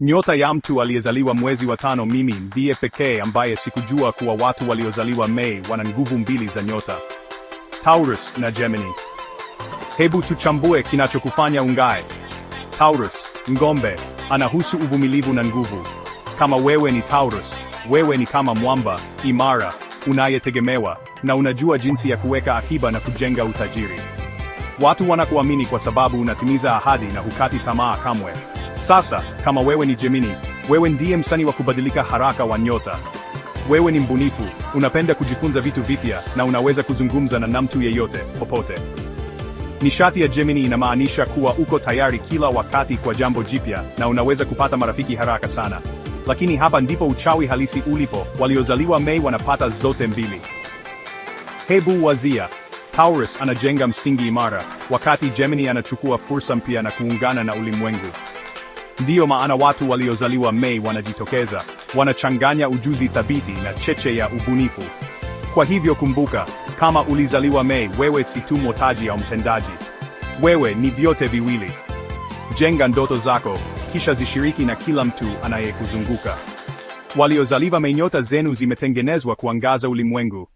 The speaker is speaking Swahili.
Nyota ya mtu aliyezaliwa mwezi wa tano. Mimi ndiye pekee ambaye sikujua kuwa watu waliozaliwa Mei wana nguvu mbili za nyota, Taurus na Gemini. Hebu tuchambue kinachokufanya ungae. Taurus, ng'ombe, anahusu uvumilivu na nguvu. Kama wewe ni Taurus, wewe ni kama mwamba imara, unayetegemewa na unajua jinsi ya kuweka akiba na kujenga utajiri. Watu wanakuamini kwa sababu unatimiza ahadi na hukati tamaa kamwe. Sasa kama wewe ni Gemini, wewe ndiye msanii wa kubadilika haraka wa nyota. Wewe ni mbunifu, unapenda kujifunza vitu vipya na unaweza kuzungumza na mtu yeyote popote. Nishati ya Gemini inamaanisha kuwa uko tayari kila wakati kwa jambo jipya na unaweza kupata marafiki haraka sana. Lakini hapa ndipo uchawi halisi ulipo, waliozaliwa Mei wanapata zote mbili. Hebu wazia, Taurus anajenga msingi imara, wakati Gemini anachukua fursa mpya na kuungana na ulimwengu. Ndiyo maana watu waliozaliwa Mei wanajitokeza, wanachanganya ujuzi thabiti na cheche ya ubunifu. Kwa hivyo kumbuka, kama ulizaliwa Mei, wewe si tu mwotaji au mtendaji, wewe ni vyote viwili. Jenga ndoto zako, kisha zishiriki na kila mtu anayekuzunguka. Waliozaliwa Mei, nyota zenu zimetengenezwa kuangaza ulimwengu.